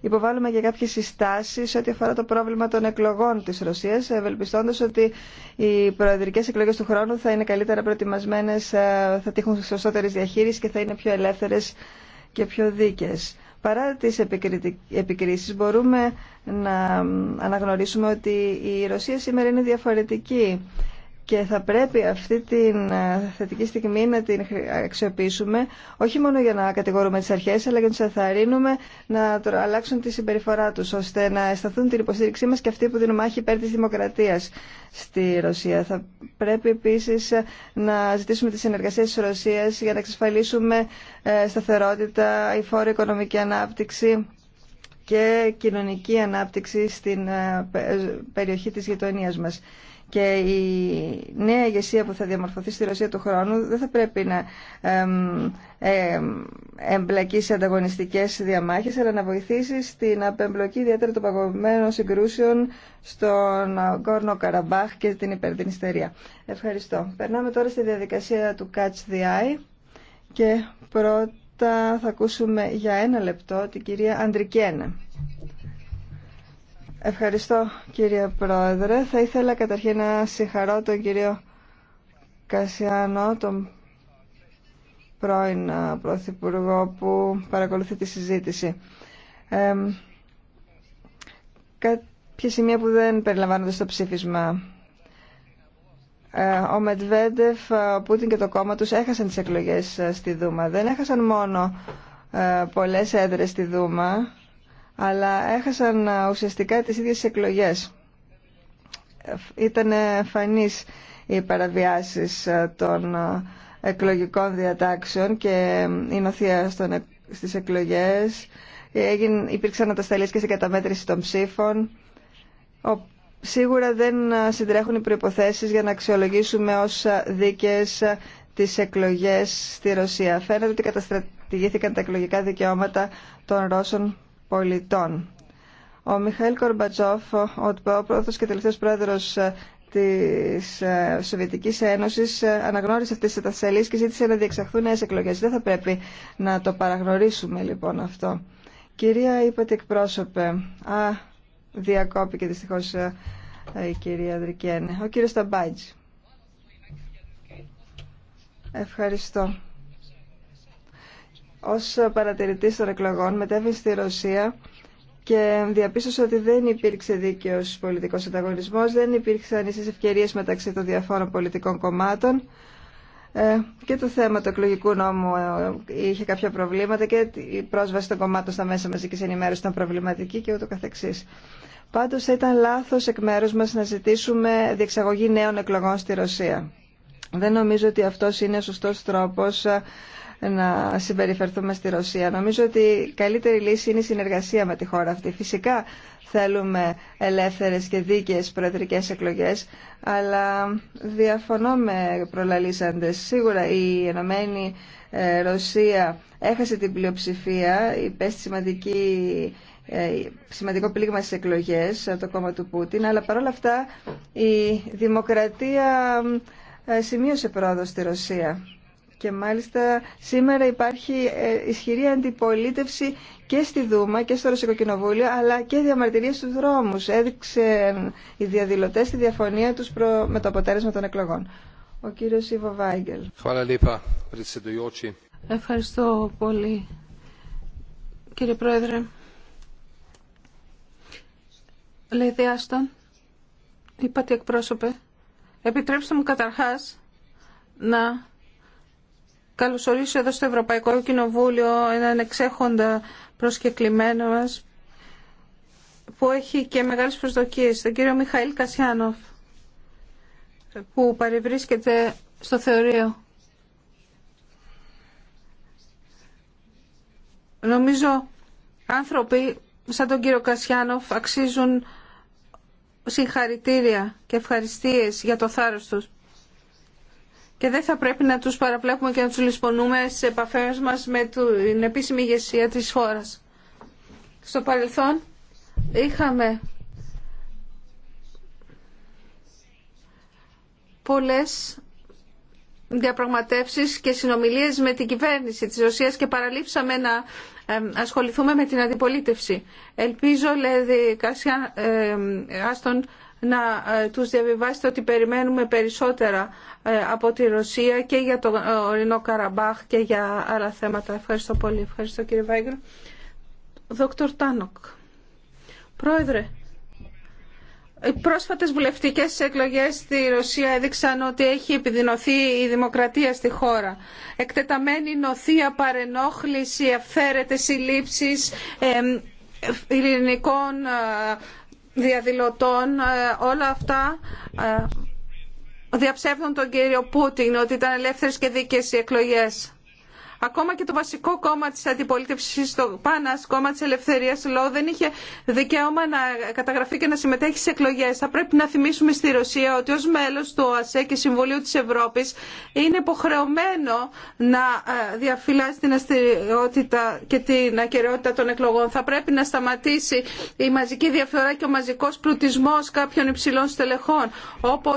υποβάλουμε και κάποιες συστάσεις ό,τι αφορά το πρόβλημα των εκλογών της Ρωσίας, ευελπιστώντα ότι οι προεδρικές εκλογές του χρόνου θα είναι καλύτερα προετοιμασμένε, ε, θα τύχουν σωστότερη διαχείριση και θα είναι πιο ελεύθερες και πιο δίκαιες. Παρά τις επικρίσεις μπορούμε να αναγνωρίσουμε ότι η Ρωσία σήμερα είναι διαφορετική και θα πρέπει αυτή την ε, θετική στιγμή να την αξιοποιήσουμε όχι μόνο για να κατηγορούμε τις αρχές αλλά και να τους αθαρρύνουμε να αλλάξουν τη συμπεριφορά τους ώστε να αισθανθούν την υποστήριξή μας και αυτοί που δίνουν μάχη υπέρ της δημοκρατίας στη Ρωσία. Θα πρέπει επίσης ε, να ζητήσουμε τη συνεργασία της Ρωσίας για να εξασφαλίσουμε ε, σταθερότητα, υφόρο οικονομική ανάπτυξη και κοινωνική ανάπτυξη στην περιοχή της γειτονίας μας. Και η νέα ηγεσία που θα διαμορφωθεί στη Ρωσία του χρόνου δεν θα πρέπει να εμπλακεί σε ανταγωνιστικές διαμάχες, αλλά να βοηθήσει στην απεμπλοκή ιδιαίτερα των παγωμένων συγκρούσεων στον Κόρνο Καραμπάχ και την υπερδινιστερία. Ευχαριστώ. Περνάμε τώρα στη διαδικασία του Catch the Eye και πρώτα θα ακούσουμε για ένα λεπτό την κυρία Αντρικένα. Ευχαριστώ κύριε Πρόεδρε. Θα ήθελα καταρχήν να συγχαρώ τον κύριο Κασιάνο, τον πρώην Πρωθυπουργό που παρακολουθεί τη συζήτηση. Ε, κάποια σημεία που δεν περιλαμβάνονται στο ψήφισμα. Ε, ο Μετβέντεφ, ο Πούτιν και το κόμμα τους έχασαν τις εκλογές στη Δούμα. Δεν έχασαν μόνο ε, πολλές στη Δούμα, αλλά έχασαν ουσιαστικά τις ίδιες εκλογές. Ήταν φανείς οι παραβιάσεις των εκλογικών διατάξεων και η νοθεία στον, στις εκλογές. Έγινε, υπήρξαν τα και στην καταμέτρηση των ψήφων. σίγουρα δεν συντρέχουν οι προϋποθέσεις για να αξιολογήσουμε ως δίκες τις εκλογές στη Ρωσία. Φαίνεται ότι καταστρατηγήθηκαν τα εκλογικά δικαιώματα των Ρώσων πολιτών. Ο Μιχαήλ Κορμπατζόφ, ο πρώτος και τελευταίος πρόεδρος ε, της ε, Σοβιετικής Ένωσης ε, αναγνώρισε αυτές τις τασέλειες και ζήτησε να διεξαχθούν νέες εκλογές. Δεν θα πρέπει να το παραγνωρίσουμε λοιπόν αυτό. Κυρία είπατε εκπρόσωπε, α, διακόπηκε δυστυχώς η κυρία Δρικένε. Ο κύριος Ταμπάιτζ. Ευχαριστώ ως παρατηρητής των εκλογών μετέβη στη Ρωσία και διαπίστωσε ότι δεν υπήρξε δίκαιος πολιτικός ανταγωνισμός, δεν υπήρξαν ίσες ευκαιρίες μεταξύ των διαφόρων πολιτικών κομμάτων ε, και το θέμα του εκλογικού νόμου ε, είχε κάποια προβλήματα και η πρόσβαση των κομμάτων στα μέσα μαζικής ενημέρωσης ήταν προβληματική και ούτω καθεξής. Πάντως ήταν λάθος εκ μέρους μας να ζητήσουμε διεξαγωγή νέων εκλογών στη Ρωσία. Δεν νομίζω ότι αυτός είναι ο σωστός τρόπος ε, να συμπεριφερθούμε στη Ρωσία. Νομίζω ότι η καλύτερη λύση είναι η συνεργασία με τη χώρα αυτή. Φυσικά θέλουμε ελεύθερες και δίκαιες προεδρικές εκλογές, αλλά διαφωνώ με προλαλήσαντες. Σίγουρα η Ενωμένη ε, Ρωσία έχασε την πλειοψηφία, υπέστη σημαντική ε, σημαντικό πλήγμα στις εκλογές ε, το κόμμα του Πούτιν, αλλά παρόλα αυτά η δημοκρατία σημείωσε πρόοδο στη Ρωσία. Και μάλιστα σήμερα υπάρχει ε, ισχυρή αντιπολίτευση και στη Δούμα και στο Ρωσικό Κοινοβούλιο, αλλά και διαμαρτυρίες στους δρόμους. Έδειξε ε, οι διαδηλωτές τη διαφωνία τους με το αποτέλεσμα των εκλογών. Ο κύριος Ιβο Βάγγελ. Ευχαριστώ πολύ, κύριε Πρόεδρε. Λέει Άστον, είπατε εκπρόσωπε, επιτρέψτε μου καταρχάς να καλωσορίσω εδώ στο Ευρωπαϊκό Κοινοβούλιο έναν εξέχοντα προσκεκλημένο μας που έχει και μεγάλες προσδοκίες, τον κύριο Μιχαήλ Κασιάνοφ που παρευρίσκεται στο θεωρείο. Νομίζω άνθρωποι σαν τον κύριο Κασιάνοφ αξίζουν συγχαρητήρια και ευχαριστίες για το θάρρος τους και δεν θα πρέπει να τους παραβλέπουμε και να τους λησπονούμε σε επαφές μας με την επίσημη ηγεσία της χώρας. Στο παρελθόν είχαμε πολλές διαπραγματεύσεις και συνομιλίες με την κυβέρνηση της Ρωσίας και παραλείψαμε να ασχοληθούμε με την αντιπολίτευση. Ελπίζω, λέει Κάσια ε, Άστον, να ε, τους διαβιβάσετε ότι περιμένουμε περισσότερα ε, από τη Ρωσία και για το ε, Ορεινό Καραμπάχ και για άλλα θέματα. Ευχαριστώ πολύ. Ευχαριστώ κύριε Βάγκρο. Δόκτωρ Τάνοκ. Πρόεδρε, οι πρόσφατες βουλευτικές εκλογές στη Ρωσία έδειξαν ότι έχει επιδεινωθεί η δημοκρατία στη χώρα. Εκτεταμένη νοθεία, παρενόχληση, αυθαίρετες συλλήψεις, ειρηνικών διαδηλωτών, ε, όλα αυτά ε, διαψεύδουν τον κύριο Πούτιν ότι ήταν ελεύθερες και δίκαιες οι εκλογές. Ακόμα και το βασικό κόμμα τη αντιπολίτευση το ΠΑΝΑΣ, κόμμα τη ελευθερία ΛΟ, δεν είχε δικαίωμα να καταγραφεί και να συμμετέχει σε εκλογέ. Θα πρέπει να θυμίσουμε στη Ρωσία ότι ω μέλο του ΟΑΣΕ και Συμβουλίου τη Ευρώπη είναι υποχρεωμένο να ε, διαφυλάσει την αστηριότητα και την ακαιρεότητα των εκλογών. Θα πρέπει να σταματήσει η μαζική διαφθορά και ο μαζικό πλουτισμό κάποιων υψηλών στελεχών, Όπω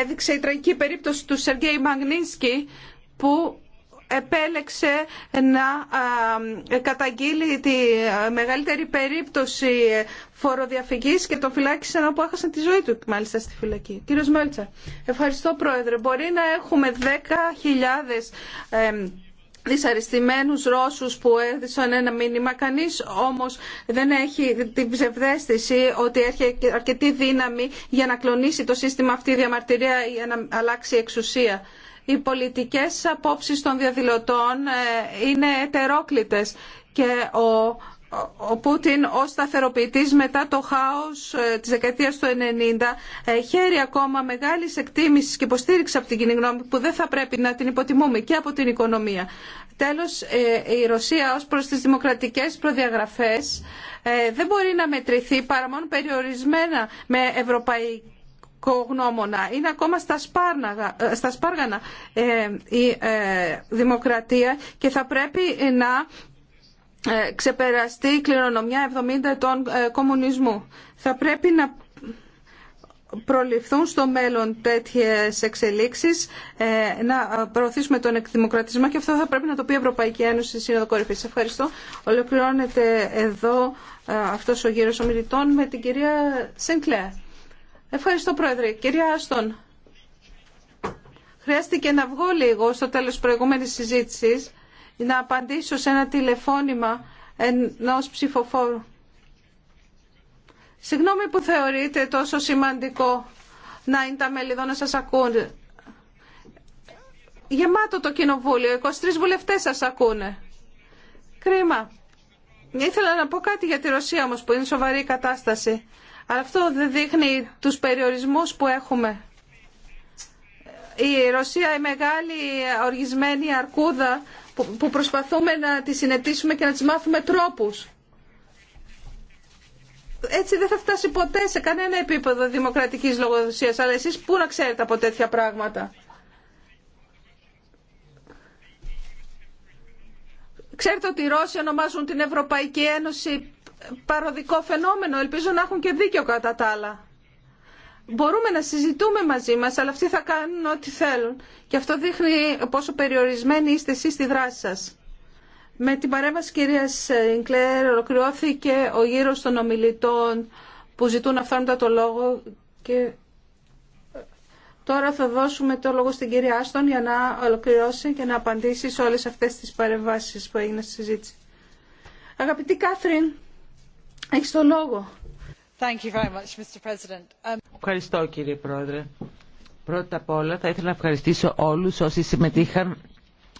έδειξε η τραγική περίπτωση του Σεργέη Μαγνίσκη, που επέλεξε να καταγγείλει τη μεγαλύτερη περίπτωση φοροδιαφυγής και τον φυλάκισαν που έχασαν τη ζωή του μάλιστα στη φυλακή. Κύριος Μέλτσα, ευχαριστώ Πρόεδρε. Μπορεί να έχουμε 10.000 δυσαρεστημένους Ρώσους που έδισαν ένα μήνυμα. Κανείς όμως δεν έχει την ψευδέστηση ότι έρχεται αρκετή δύναμη για να κλονίσει το σύστημα αυτή η διαμαρτυρία για να αλλάξει εξουσία οι πολιτικές απόψεις των διαδηλωτών ε, είναι ετερόκλητες και ο ο Πούτιν ω σταθεροποιητή μετά το χάος ε, της δεκαετίας του 90 ε, χαίρει ακόμα μεγάλη εκτίμηση και υποστήριξη από την κοινή γνώμη που δεν θα πρέπει να την υποτιμούμε και από την οικονομία. Τέλος, η Ρωσία ως προς τις δημοκρατικές προδιαγραφές δεν μπορεί να μετρηθεί παρά μόνο περιορισμένα με ευρωπαϊκή είναι ακόμα στα, σπάρναγα, ε, σπάργανα ε, η ε, δημοκρατία και θα πρέπει να ξεπεραστεί η κληρονομιά 70 ετών κομμουνισμού. Θα πρέπει να προληφθούν στο μέλλον τέτοιες εξελίξεις, να προωθήσουμε τον εκδημοκρατισμό και αυτό θα πρέπει να το πει η Ευρωπαϊκή Ένωση στη Σύνοδο Κορυφής. Ευχαριστώ. Ολοκληρώνεται εδώ αυτός ο γύρος ομιλητών με την κυρία Σενκλέα. Ευχαριστώ, Πρόεδρε. Κυρία Άστον, χρειάστηκε να βγω λίγο στο τέλος προηγούμενης συζήτησης να απαντήσω σε ένα τηλεφώνημα ενός ψηφοφόρου. Συγγνώμη που θεωρείτε τόσο σημαντικό να είναι τα μέλη εδώ να σας ακούνε. Γεμάτο το κοινοβούλιο, 23 βουλευτές σας ακούνε. Κρίμα. Ήθελα να πω κάτι για τη Ρωσία όμως που είναι σοβαρή κατάσταση. Αλλά αυτό δεν δείχνει τους περιορισμούς που έχουμε. Η Ρωσία, η μεγάλη οργισμένη αρκούδα που προσπαθούμε να τη συνετίσουμε και να τη μάθουμε τρόπους. Έτσι δεν θα φτάσει ποτέ σε κανένα επίπεδο δημοκρατικής λογοδοσίας. Αλλά εσείς πού να ξέρετε από τέτοια πράγματα. Ξέρετε ότι οι Ρώσοι ονομάζουν την Ευρωπαϊκή Ένωση παροδικό φαινόμενο. Ελπίζω να έχουν και δίκιο κατά τα άλλα. Μπορούμε να συζητούμε μαζί μας, αλλά αυτοί θα κάνουν ό,τι θέλουν. Και αυτό δείχνει πόσο περιορισμένοι είστε εσείς στη δράση σας. Με την παρέμβαση κυρίας Ινκλέρ ολοκληρώθηκε ο γύρος των ομιλητών που ζητούν αυθόρμητα το λόγο και τώρα θα δώσουμε το λόγο στην κυρία Άστον για να ολοκληρώσει και να απαντήσει σε όλες αυτές τις παρεμβάσεις που έγιναν στη συζήτηση. Αγαπητή Κάθριν, Um, Ευχαριστώ κύριε Πρόεδρε. Πρώτα απ' όλα θα ήθελα να ευχαριστήσω όλους όσοι συμμετείχαν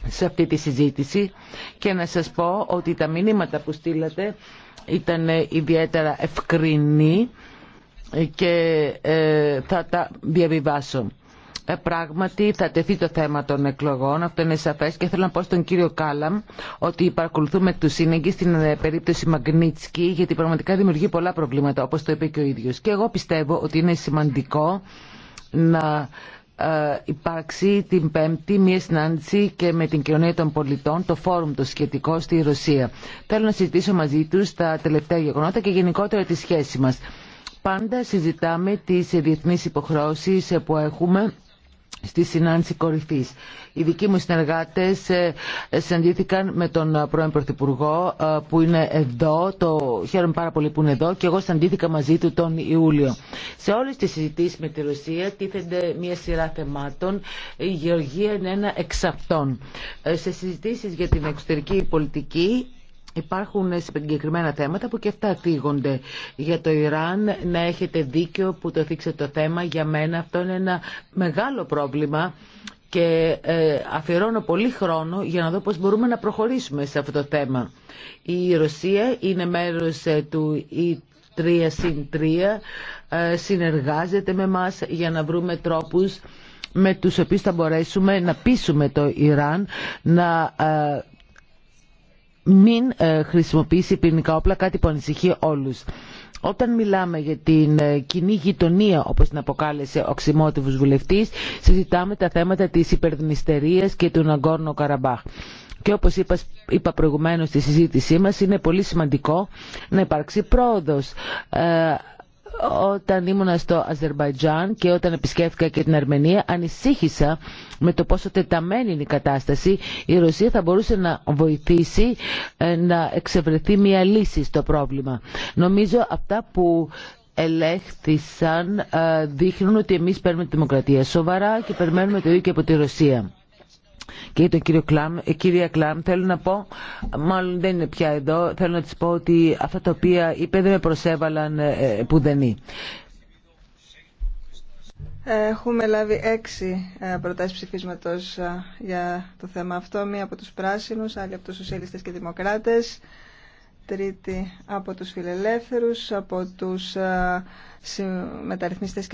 σε αυτή τη συζήτηση και να σας πω ότι τα μηνύματα που στείλατε ήταν ιδιαίτερα ευκρινή και ε, θα τα διαβιβάσω. Ε, πράγματι θα τεθεί το θέμα των εκλογών, αυτό είναι σαφές και θέλω να πω στον κύριο Κάλαμ ότι παρακολουθούμε του σύνεγγυ στην ε, περίπτωση Μαγνίτσκι γιατί πραγματικά δημιουργεί πολλά προβλήματα όπως το είπε και ο ίδιος. Και εγώ πιστεύω ότι είναι σημαντικό να ε, υπάρξει την Πέμπτη μία συνάντηση και με την κοινωνία των πολιτών, το φόρουμ το σχετικό στη Ρωσία. Θέλω να συζητήσω μαζί τους τα τελευταία γεγονότα και γενικότερα τη σχέση μας. Πάντα συζητάμε τις διεθνείς υποχρεώσεις που έχουμε στη συνάντηση κορυφή. Οι δικοί μου συνεργάτε ε, συναντήθηκαν με τον ε, πρώην Πρωθυπουργό ε, που είναι εδώ, το χαίρομαι πάρα πολύ που είναι εδώ και εγώ συναντήθηκα μαζί του τον Ιούλιο. Σε όλε τι συζητήσει με τη Ρωσία τίθενται μια σειρά θεμάτων, η γεωργία είναι ένα εξ αυτών. Σε συζητήσει για την εξωτερική πολιτική Υπάρχουν συγκεκριμένα θέματα που και αυτά θίγονται. Για το Ιράν να έχετε δίκιο που το θίξετε το θέμα. Για μένα αυτό είναι ένα μεγάλο πρόβλημα και ε, αφιερώνω πολύ χρόνο για να δω πώς μπορούμε να προχωρήσουμε σε αυτό το θέμα. Η Ρωσία είναι μέρος ε, του 3 συν 3, ε, συνεργάζεται με μας για να βρούμε τρόπους με τους οποίους θα μπορέσουμε να πείσουμε το Ιράν να μην ε, χρησιμοποιήσει πυρηνικά όπλα, κάτι που ανησυχεί όλους. Όταν μιλάμε για την ε, κοινή γειτονία, όπως την αποκάλεσε ο Ξημότιβος Βουλευτής, συζητάμε τα θέματα της υπερδνηστερίας και του Ναγκόρνο Καραμπάχ. Και όπως είπα, είπα προηγουμένως στη συζήτησή μας, είναι πολύ σημαντικό να υπάρξει πρόοδος. Ε, όταν ήμουν στο Αζερβαϊτζάν και όταν επισκέφθηκα και την Αρμενία ανησύχησα με το πόσο τεταμένη είναι η κατάσταση. Η Ρωσία θα μπορούσε να βοηθήσει ε, να εξευρεθεί μια λύση στο πρόβλημα. Νομίζω αυτά που ελέγχθησαν ε, δείχνουν ότι εμείς παίρνουμε τη δημοκρατία σοβαρά και περιμένουμε το ίδιο και από τη Ρωσία και τον κύριο Κλάμ, ε, κυρία Κλάμ, θέλω να πω, μάλλον δεν είναι πια εδώ, θέλω να της πω ότι αυτά τα οποία είπε δεν με προσέβαλαν δεν ε, πουδενή. Έχουμε λάβει έξι ε, προτάσεις ψηφίσματος για το θέμα αυτό. Μία από τους πράσινους, άλλη από τους σοσιαλιστές και δημοκράτες, τρίτη από τους φιλελεύθερους, από τους μεταρρυθμιστές